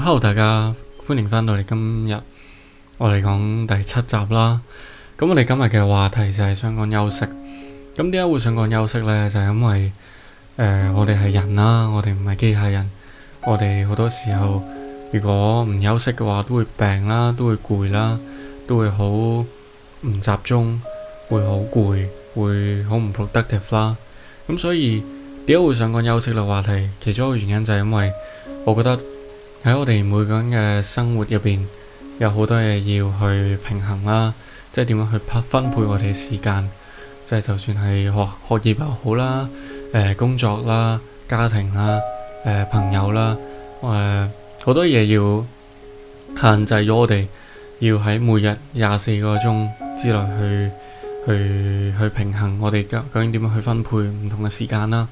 好，大家歡迎翻到嚟，今日我哋講第七集啦。咁我哋今日嘅話題就係想講休息。咁點解會想講休息呢？就係因為，呃，我哋係人啦，我哋唔係機械人，我哋好多時候如果唔休息嘅話，都會病啦，都會攰啦，都會好唔集中，會好攰，會好唔 productive 啦。咁所以點解會想講休息嘅話題？其中一個原因就係因為我覺得。喺我哋每個人嘅生活入邊，有好多嘢要去平衡啦，即係點樣去分配我哋時間，即係就算係學學業又好啦，誒、呃、工作啦、家庭啦、誒、呃、朋友啦，誒、呃、好多嘢要限制咗我哋，要喺每日廿四個鐘之內去去去平衡我哋究竟點樣去分配唔同嘅時間啦，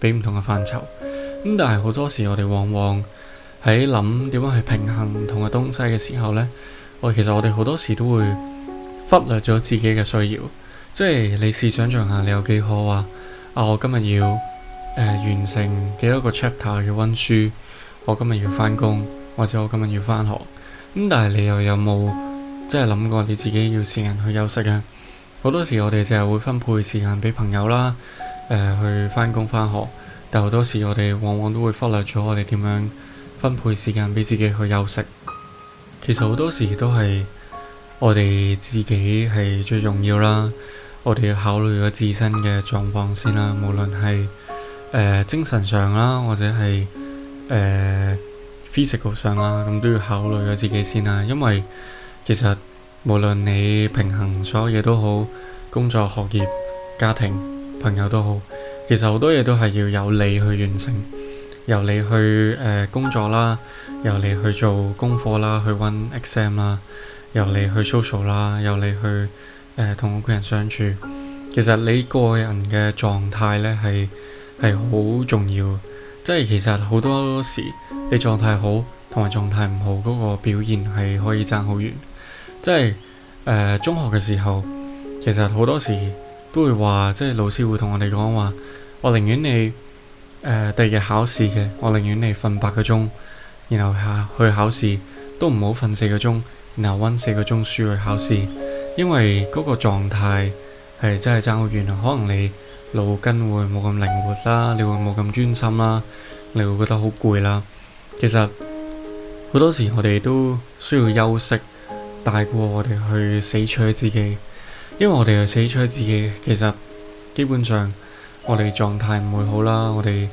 俾唔同嘅範疇，咁但係好多時我哋往往～喺諗點樣去平衡唔同嘅東西嘅時候呢，我其實我哋好多時都會忽略咗自己嘅需要。即係你試想象下，你，下你有幾可話啊，我今日要，呃、完成幾多個 chapter 嘅溫書，我今日要翻工或者我今日要翻學。咁，嗯、但係你又有冇即係諗過你自己要時間去休息咧？好多時我哋就係會分配時間俾朋友啦，呃、去翻工翻學。但好多時我哋往往都會忽略咗我哋點樣。分配時間俾自己去休息，其實好多時都係我哋自己係最重要啦。我哋要考慮咗自身嘅狀況先啦，無論係、呃、精神上啦，或者係誒、呃、physical 上啦，咁都要考慮咗自己先啦。因為其實無論你平衡所有嘢都好，工作、學業、家庭、朋友都好，其實好多嘢都係要有你去完成。由你去誒、呃、工作啦，由你去做功課啦，去溫 exam 啦，由你去 social 啦，由你去誒同屋企人相處。其實你個人嘅狀態咧係係好重要，即係其實好多時你狀態好同埋狀態唔好嗰個表現係可以爭好遠。即係誒、呃、中學嘅時候，其實好多時都會話，即係老師會同我哋講話，我寧願你。呃、第二日考試嘅，我寧願你瞓八個鐘，然後下去考試，都唔好瞓四個鐘，然後溫四個鐘書去考試，因為嗰個狀態係真係差好遠，可能你腦筋會冇咁靈活啦，你會冇咁專心啦，你會覺得好攰啦。其實好多時我哋都需要休息，大過我哋去死取自己，因為我哋去死取自己，其實基本上。我哋狀態唔會好啦，我哋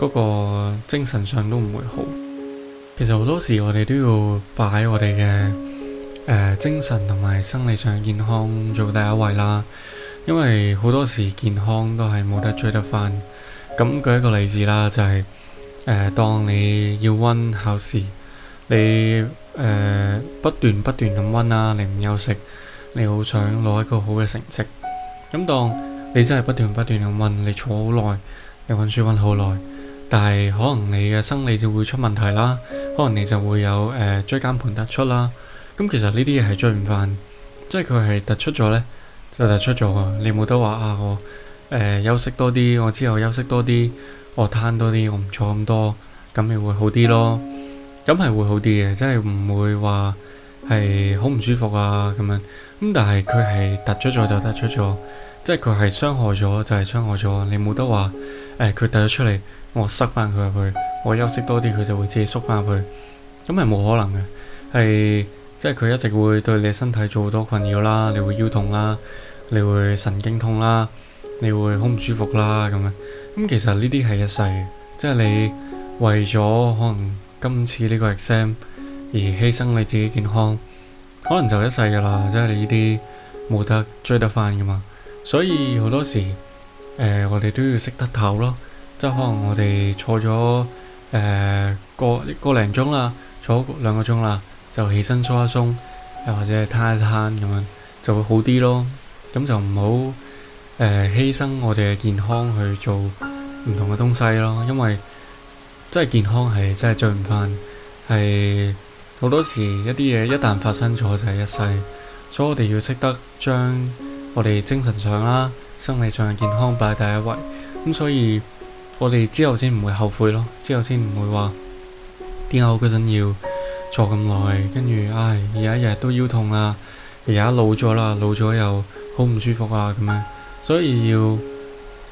嗰個精神上都唔會好。其實好多時我哋都要擺我哋嘅、誒精神同埋生理上嘅健康做第一位啦，因為好多時健康都係冇得追得返。咁舉一個例子啦，就係、是、誒、呃，當你要溫考試，你誒、呃、不斷不斷咁溫啦，你唔休息，你好想攞一個好嘅成績，咁當。你真係不斷不斷咁溫，你坐好耐，你溫書溫好耐，但係可能你嘅生理就會出問題啦，可能你就會有誒椎間盤突出啦。咁其實呢啲嘢係追唔翻，即係佢係突出咗呢，就突出咗。你冇得話啊，我誒、呃、休息多啲,我之後休息多啲，我攤多啲，我唔坐咁多，咁咪會好啲咯。咁係會好啲嘅，即係唔會話係好唔舒服啊咁樣。咁但係佢係突出咗就突出咗。即係佢係傷害咗，就係傷害咗。你冇得話，誒佢凸咗出嚟，我塞翻佢入去，我休息多啲，佢就會自己縮翻入去。咁係冇可能嘅，係即係佢一直會對你身體做好多困擾啦。你會腰痛啦，你會神經痛啦，你會好唔舒服啦咁。咁其實呢啲係一世，即係你為咗可能今次呢個 exam 而犧牲你自己健康，可能就一世噶啦。即係你呢啲冇得追得翻噶嘛。所以好多時，誒、呃、我哋都要識得唞咯，即係可能我哋坐咗誒、呃、個一零鐘啦，坐兩個鐘啦，就起身鬆一鬆，又、呃、或者攤一攤咁樣，就會好啲咯。咁就唔好誒犧牲我哋嘅健康去做唔同嘅東西咯，因為真係健康係真係追唔返，係好多時一啲嘢一旦發生咗就係、是、一世，所以我哋要識得將。我哋精神上啦、生理上嘅健康擺喺第一位，咁所以我哋之後先唔會後悔咯，之後先唔會話點解我嗰陣要坐咁耐，跟住唉，而、哎、家日日都腰痛啊，而家老咗啦，老咗又好唔舒服啊咁樣，所以要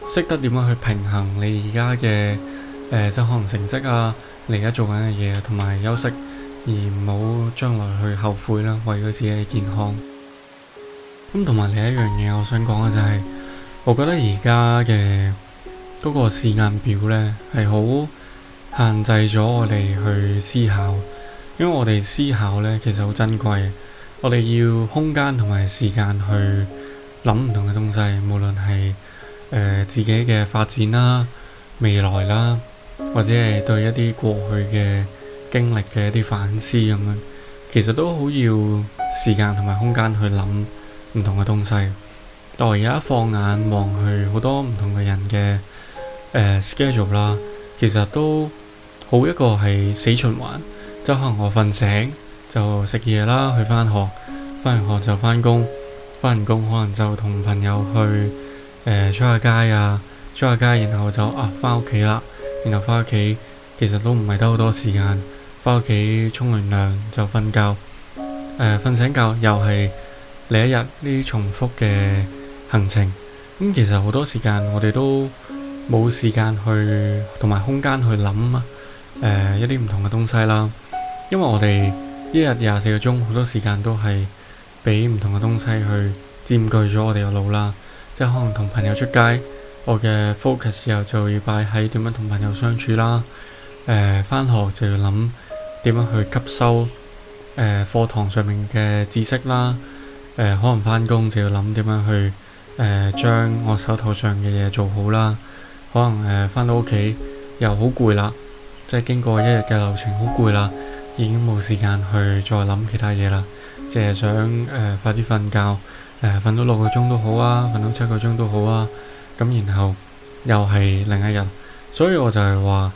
識得點樣去平衡你而家嘅誒，即、呃就是、可能成績啊，你而家做緊嘅嘢同埋休息，而唔好將來去後悔啦，為咗自己嘅健康。咁同埋另一樣嘢，我想講嘅就係，我覺得而家嘅嗰個時間表呢係好限制咗我哋去思考，因為我哋思考呢，其實好珍貴，我哋要空間同埋時間去諗唔同嘅東西，無論係誒、呃、自己嘅發展啦、未來啦，或者係對一啲過去嘅經歷嘅一啲反思咁樣，其實都好要時間同埋空間去諗。唔同嘅東西，我而家一放眼望去，好多唔同嘅人嘅誒 schedule 啦，其實都好一個係死循環。即可能我瞓醒就食嘢啦，去返學，返完學就返工，返完工可能就同朋友去誒出下街啊，出下街，然後就啊返屋企啦，然後返屋企，其實都唔係得好多時間。返屋企沖完涼就瞓覺，誒瞓醒覺又係。你一日呢啲重複嘅行程咁，其實好多時間我哋都冇時間去同埋空間去諗啊。誒，一啲唔同嘅東西啦，因為我哋一日廿四個鐘，好多時間都係俾唔同嘅東西去佔據咗我哋嘅腦啦。即係可能同朋友出街，我嘅 focus 又就要擺喺點樣同朋友相處啦。誒，返學就要諗點樣去吸收誒課堂上面嘅知識啦。誒，可能返工就要諗點樣去誒將我手頭上嘅嘢做好啦。可能誒返到屋企又好攰啦，即係經過一日嘅流程好攰啦，已經冇時間去再諗其他嘢啦，淨係想誒快啲瞓覺。誒，瞓到六個鐘都好啊，瞓到七個鐘都好啊。咁然後又係另一日，所以我就係話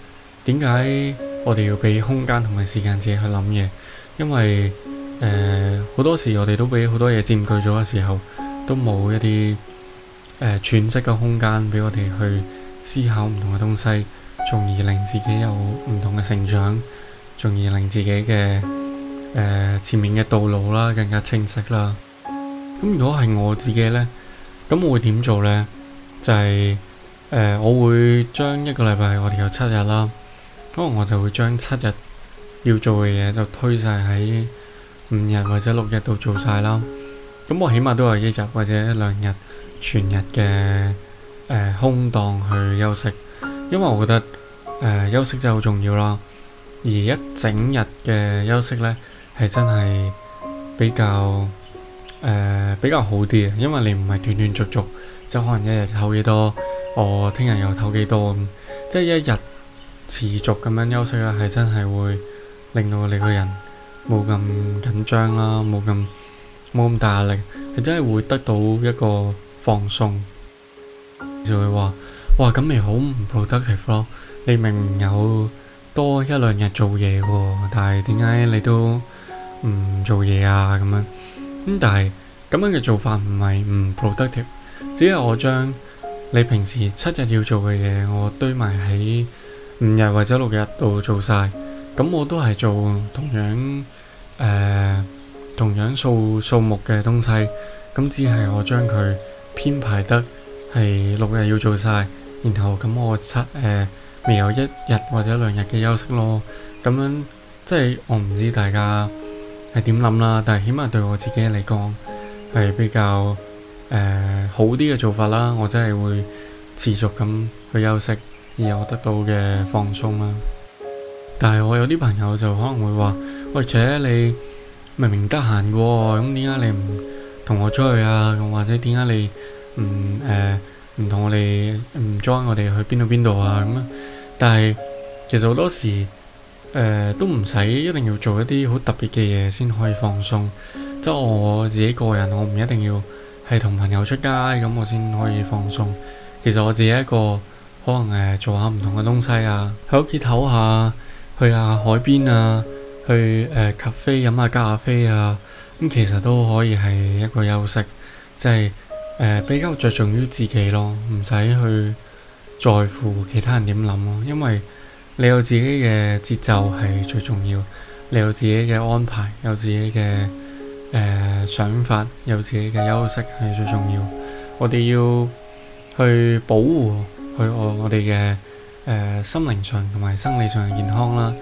點解我哋要俾空間同埋時間自己去諗嘢，因為。誒，好多時我哋都俾好多嘢佔據咗嘅時候，都冇一啲、呃、喘息嘅空間俾我哋去思考唔同嘅東西，從而令自己有唔同嘅成長，從而令自己嘅、呃、前面嘅道路啦更加清晰啦。咁如果係我自己呢，咁我會點做呢？就係、呃、我會將一個禮拜我哋有七日啦，咁我就會將七日要做嘅嘢就推晒喺，五日或者六日都做晒啦，咁我起碼都有一日或者一兩日全日嘅誒空檔去休息，因為我覺得誒休息真係好重要啦，而一整日嘅休息咧係真係比較誒比較好啲嘅，因為你唔係斷斷續續，即係可能一日唞幾多，我聽日又唞幾多咁，即係一日持續咁樣休息啦係真係會令到你個人。冇咁緊張啦，冇咁冇咁大壓力，係真係會得到一個放鬆。就會話，哇咁咪好唔 productive 咯？你明明有多一兩日做嘢嘅，但係點解你都唔做嘢啊？咁樣咁、嗯，但係咁樣嘅做法唔係唔 productive。只係我將你平時七日要做嘅嘢，我堆埋喺五日或者六日度做晒。咁我都係做同樣。誒、呃，同樣數數目嘅東西，咁只係我將佢編排得係六日要做晒，然後咁我七誒、呃、未有一日或者兩日嘅休息咯。咁樣即係我唔知大家係點諗啦，但係起碼對我自己嚟講係比較誒、呃、好啲嘅做法啦。我真係會持續咁去休息，然後得到嘅放鬆啦。但係我有啲朋友就可能會話。或者你明明得閒嘅咁，點解你唔同我出去啊？咁或者點解你唔誒唔同我哋唔 join 我哋去邊度邊度啊？咁啊，但係其實好多時誒都唔使一定要做一啲好特別嘅嘢先可以放鬆。即係我自己個人，我唔一定要係同朋友出街咁，我先可以放鬆。其實我自己一個可能誒做下唔同嘅東西啊，喺屋企唞下，去下海邊啊。去誒、呃、咖啡飲下咖啡啊！咁其實都可以係一個休息，即係誒比較着重於自己咯，唔使去在乎其他人點諗咯，因為你有自己嘅節奏係最重要，你有自己嘅安排，有自己嘅誒、呃、想法，有自己嘅休息係最重要。我哋要去保護去我我哋嘅誒心靈上同埋生理上嘅健康啦。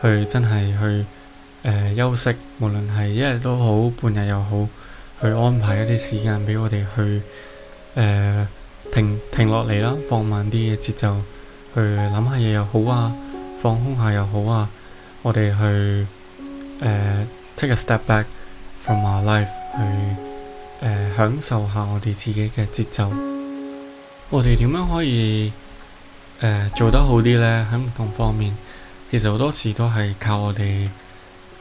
去真係去誒、呃、休息，無論係一日都好，半日又好，去安排一啲時間俾我哋去誒、呃、停停落嚟啦，放慢啲嘅節奏，去諗下嘢又好啊，放空下又好啊，我哋去誒、呃、take a step back from my life，去誒、呃、享受下我哋自己嘅節奏。我哋點樣可以誒、呃、做得好啲咧？喺唔同方面。其實好多時都係靠我哋、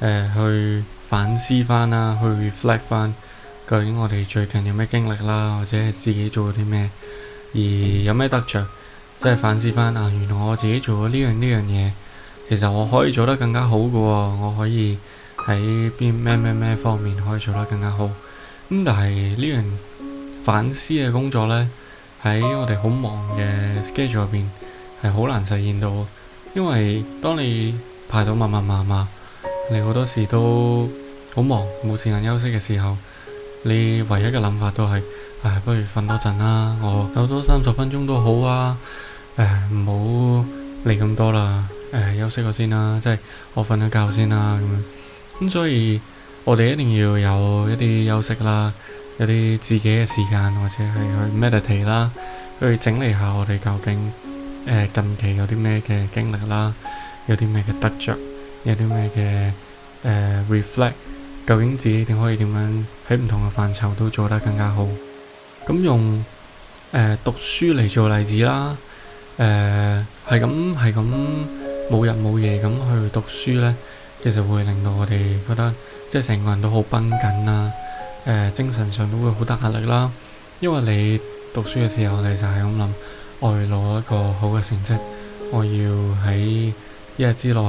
呃、去反思翻啦，去 reflect 翻究竟我哋最近有咩經歷啦，或者自己做咗啲咩，而有咩得着。即係反思翻啊！原來我自己做咗呢樣呢樣嘢，其實我可以做得更加好嘅喎，我可以喺邊咩咩咩方面可以做得更加好。咁但係呢樣反思嘅工作呢，喺我哋好忙嘅 schedule 入邊係好難實現到。因為當你排到密密麻麻，你好多時都好忙，冇時間休息嘅時候，你唯一嘅諗法都係，唉，不如瞓多陣啦，我唞多三十分鐘都好啊，誒唔好理咁多啦，誒休息個先啦，啊，即係我瞓咗覺先啦，啊，咁樣。咁所以，我哋一定要有一啲休息啦，有一啲自己嘅時間，或者係去 meditate 啦，去整理下我哋究竟。誒近期有啲咩嘅經歷啦，有啲咩嘅得着，有啲咩嘅、呃、reflect，究竟自己點可以點樣喺唔同嘅範疇都做得更加好？咁用誒、呃、讀書嚟做例子啦，誒係咁係咁冇日冇夜咁去讀書咧，其實會令到我哋覺得即係成個人都好繃緊啊！誒、呃、精神上都會好大壓力啦，因為你讀書嘅時候，你就係咁諗。我要攞一個好嘅成績，我要喺一日之內，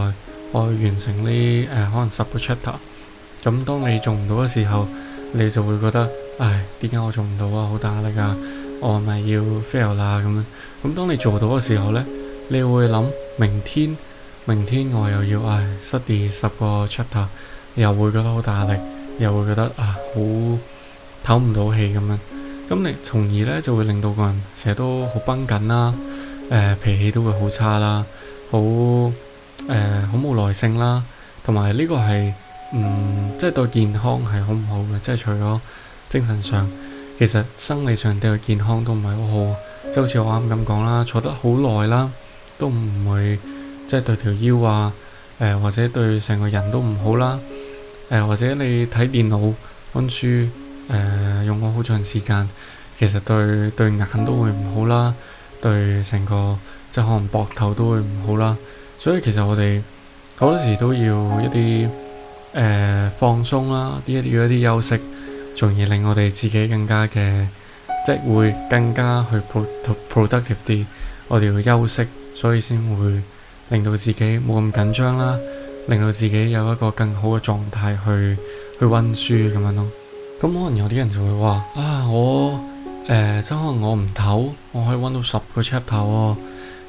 我要完成呢誒、呃、可能十個 chapter、嗯。咁當你做唔到嘅時候，你就會覺得，唉，點解我做唔到啊？好大壓力啊！我係咪要 fail 啦、啊、咁。咁、嗯、當你做到嘅時候呢，你會諗，明天，明天我又要唉失掉十個 chapter，又會覺得好大壓力，又會覺得啊好唞唔到氣咁樣。咁你從而咧就會令到個人成日都好繃緊啦，誒、呃、脾氣都會好差啦，好誒好冇耐性啦，同埋呢個係嗯即係、就是、對健康係好唔好嘅，即、就、係、是、除咗精神上，其實生理上對佢健康都唔係好好。即係好似我啱啱咁講啦，坐得好耐啦，都唔會即係、就是、對條腰啊，誒、呃、或者對成個人都唔好啦，誒、呃、或者你睇電腦温書。誒、呃、用咗好長時間，其實對對眼都會唔好啦，對成個即係可能膊頭都會唔好啦，所以其實我哋好多時都要一啲誒、呃、放鬆啦，啲一啲要一啲休息，從而令我哋自己更加嘅，即係會更加去 pro, productive 啲，我哋要休息，所以先會令到自己冇咁緊張啦，令到自己有一個更好嘅狀態去去温書咁樣咯。咁、嗯、可能有啲人就會話啊，我誒、呃，即可能我唔唞，我可以温到十個 chapter 喎。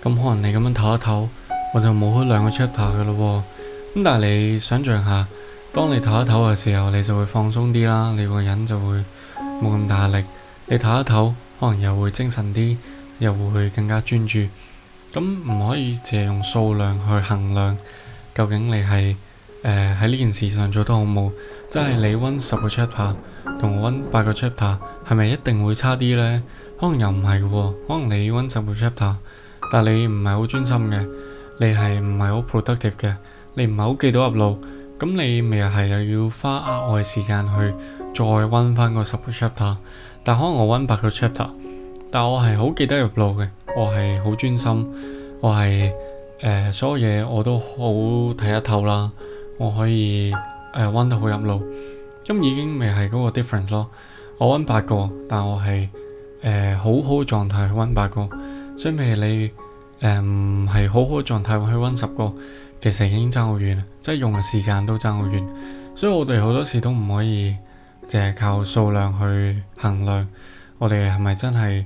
咁、嗯、可能你咁樣唞一唞，我就冇開兩個 chapter 嘅咯。咁、嗯、但係你想象下，當你唞一唞嘅時候，你就會放鬆啲啦，你個人就會冇咁大壓力。你唞一唞，可能又會精神啲，又會更加專注。咁、嗯、唔可以借用數量去衡量究竟你係誒喺呢件事上做得好冇。即係你温十個 chapter 同我溫八個 chapter，係咪一定會差啲呢？可能又唔係嘅，可能你溫十個 chapter，但你唔係好專心嘅，你係唔係好 productive 嘅，你唔係好記到入腦，咁你咪又係又要花額外時間去再溫翻個十個 chapter。但可能我溫八個 chapter，但我係好記得入腦嘅，我係好專心，我係誒、呃、所有嘢我都好睇得透啦，我可以誒溫、呃、得好入腦。咁已經未係嗰個 difference 咯。我温八個，但我係誒、呃、好好嘅狀態去温八個，相比起你誒唔係好好嘅狀態去温十個，其實已經爭好遠，即係用嘅時間都爭好遠。所以我哋好多時都唔可以淨係靠數量去衡量我哋係咪真係誒、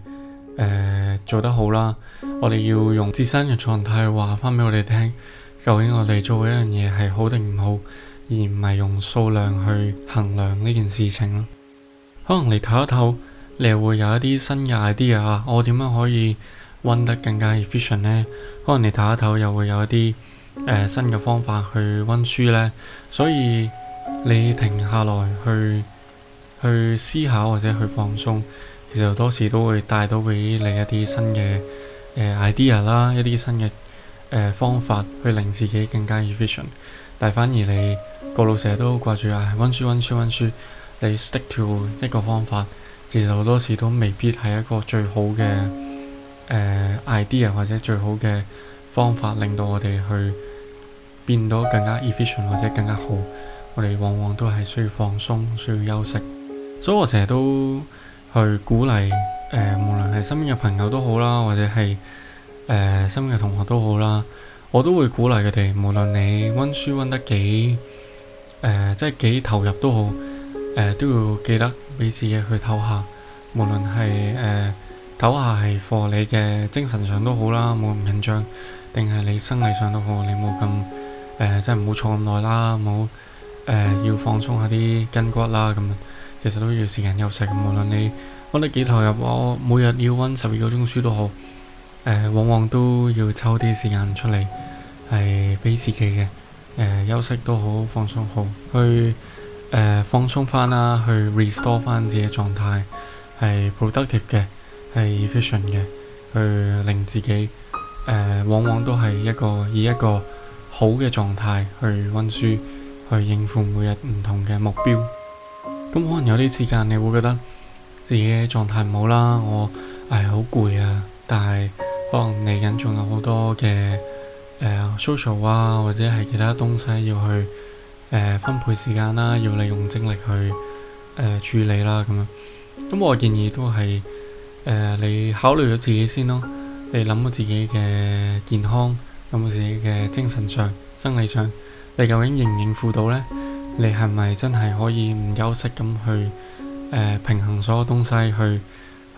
呃、做得好啦。我哋要用自身嘅狀態話翻俾我哋聽，究竟我哋做一樣嘢係好定唔好？而唔係用數量去衡量呢件事情。可能你唞一唞，你又會有一啲新嘅 idea 啊。我點樣可以溫得更加 efficient 呢？可能你唞一唞又會有一啲誒、呃、新嘅方法去溫書呢。所以你停下來去去思考或者去放鬆，其實多時都會帶到俾你一啲新嘅誒、呃、idea 啦，一啲新嘅誒、呃、方法去令自己更加 efficient。但反而你個腦成日都掛住啊，溫書溫書溫書，你 stick to 一個方法，其實好多時都未必係一個最好嘅誒、呃、idea 或者最好嘅方法，令到我哋去變到更加 efficient 或者更加好。我哋往往都係需要放鬆，需要休息。所以我成日都去鼓勵誒、呃，無論係身邊嘅朋友都好啦，或者係誒、呃、身邊嘅同學都好啦。我都會鼓勵佢哋，無論你温書温得幾誒、呃，即係幾投入都好，誒、呃、都要記得俾自己去唞下。無論係誒唞下係課，你嘅精神上都好啦，冇咁緊張，定係你生理上都好，你冇咁誒，即係唔好坐咁耐啦，冇誒、呃、要放鬆下啲筋骨啦。咁其實都要時間休息。無論你温得幾投入，我每日要温十二個鐘書都好。呃、往往都要抽啲時間出嚟，係俾自己嘅、呃、休息都好，放鬆好，去、呃、放鬆翻啦，去 restore 翻自己嘅狀態，係 productive 嘅，係 efficient 嘅，去令自己、呃、往往都係一個以一個好嘅狀態去温書，去應付每日唔同嘅目標。咁可能有啲時間你會覺得自己嘅狀態唔好啦，我係好攰啊，但係。當嚟緊，仲有好多嘅誒 social 啊，或者係其他東西要去誒分配時間啦，要利用精力去誒處理啦，咁樣。咁我建議都係誒你考慮咗自己先咯，你諗到自己嘅健康，諗到自己嘅精神上、生理上，你究竟應唔應付到呢？你係咪真係可以唔休息咁去誒平衡所有東西去？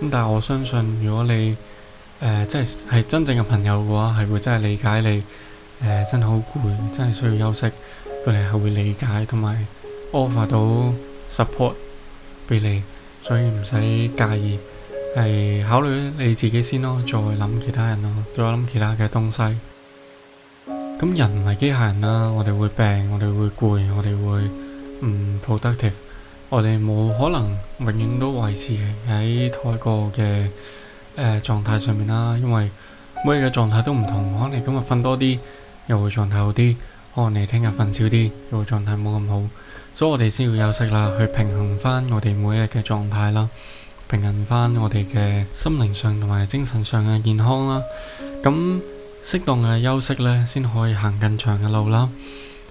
咁但係我相信，如果你誒即係係真正嘅朋友嘅話，係會真係理解你誒，真係好攰，真係需要休息，佢哋係會理解同埋 offer 到 support 俾你，所以唔使介意，係考慮你自己先咯，再諗其他人咯，再諗其他嘅東西。咁人唔係機械人啦，我哋會病，我哋會攰，我哋會唔 productive。我哋冇可能永遠都維持喺同一個嘅誒狀態上面啦，因為每日嘅狀態都唔同。可能你今日瞓多啲，又會狀態好啲；可能你聽日瞓少啲，又會狀態冇咁好。所以，我哋先要休息啦，去平衡翻我哋每日嘅狀態啦，平衡翻我哋嘅心靈上同埋精神上嘅健康啦。咁適當嘅休息呢，先可以行更長嘅路啦。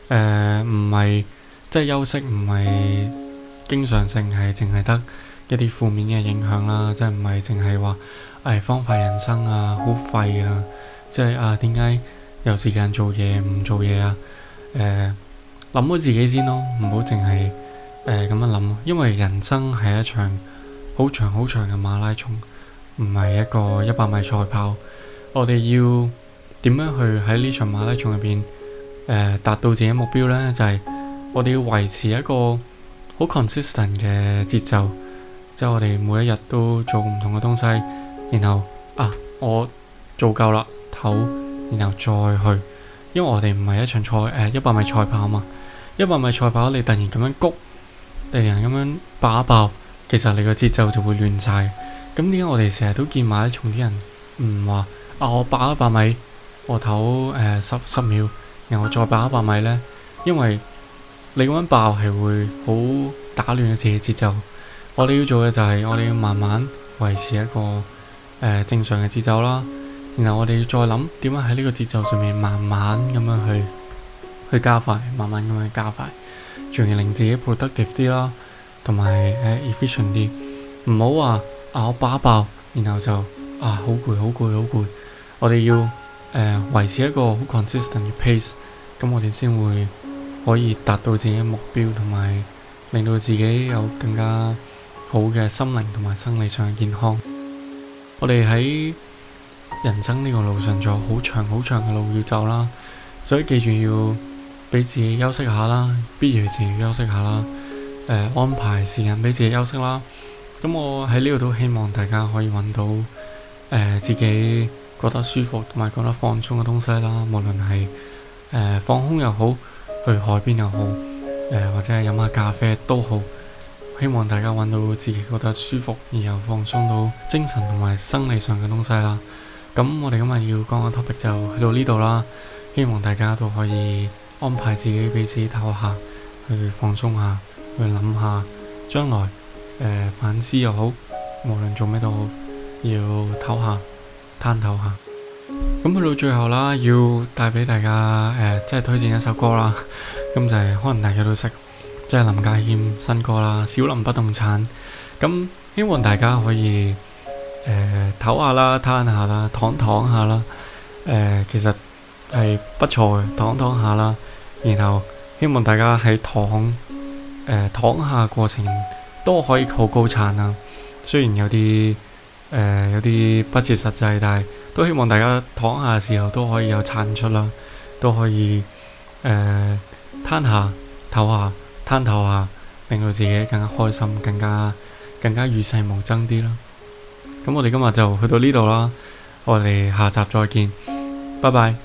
誒，唔係即係休息，唔係。經常性係淨係得一啲負面嘅影響啦，即係唔係淨係話誒荒廢人生啊，好廢啊！即係啊，點解有時間做嘢唔做嘢啊？誒、呃，諗好自己先咯，唔好淨係誒咁樣諗、啊，因為人生係一場好長好長嘅馬拉松，唔係一個一百米賽跑。我哋要點樣去喺呢場馬拉松入邊誒達到自己目標呢？就係、是、我哋要維持一個，好 consistent 嘅節奏，即係我哋每一日都做唔同嘅東西，然後啊，我做夠啦，唞，然後再去，因為我哋唔係一場賽誒一百米賽跑啊嘛，一百米賽跑你突然咁樣谷，突然咁樣爆一爆，其實你個節奏就會亂晒。咁點解我哋成日都見埋啲重啲人唔話啊，我爆一百米，我唞誒十十秒，然後再爆一百米呢？因為你咁樣爆係會好打亂嘅自己節奏。我哋要做嘅就係我哋要慢慢維持一個誒、呃、正常嘅節奏啦。然後我哋要再諗點樣喺呢個節奏上面慢慢咁樣去去加快，慢慢咁樣加快，仲要令自己 productive 啲啦，同埋誒 efficient 啲。唔好話咬巴爆，然後就啊好攰，好攰，好攰。我哋要誒、呃、維持一個好 consistent 嘅 pace，咁我哋先會，可以達到自己嘅目標，同埋令到自己有更加好嘅心靈同埋生理上嘅健康。我哋喺人生呢個路上仲有好長好長嘅路要走啦，所以記住要俾自己休息下啦，必要時休息下啦。誒、呃，安排時間俾自己休息啦。咁我喺呢度都希望大家可以揾到誒、呃、自己覺得舒服同埋覺得放鬆嘅東西啦，無論係誒、呃、放空又好，去海邊又好，誒、呃、或者係飲下咖啡都好，希望大家揾到自己覺得舒服，然後放鬆到精神同埋生理上嘅東西啦。咁我哋今日要講嘅 topic 就去到呢度啦。希望大家都可以安排自己俾自己唞下，去放鬆下，去諗下將來，誒、呃、反思又好，無論做咩都好，要唞下，攤唞下。咁去到最後啦，要帶俾大家誒，即、呃、係、就是、推薦一首歌啦。咁、 嗯、就是、可能大家都識，即、就、係、是、林家謙新歌啦，《小林不動產》嗯。咁希望大家可以誒唞、呃、下啦，攤下啦，躺躺下啦。誒、呃，其實係不錯嘅，躺躺下啦。然後希望大家喺躺誒、呃、躺下過程，都可以好高產啦。雖然有啲誒、呃、有啲不切實際，但係。都希望大家躺下嘅時候都可以有產出啦，都可以誒攤下唞下，攤唞下下，令到自己更加開心，更加更加與世無爭啲啦。咁我哋今日就去到呢度啦，我哋下集再見，拜拜。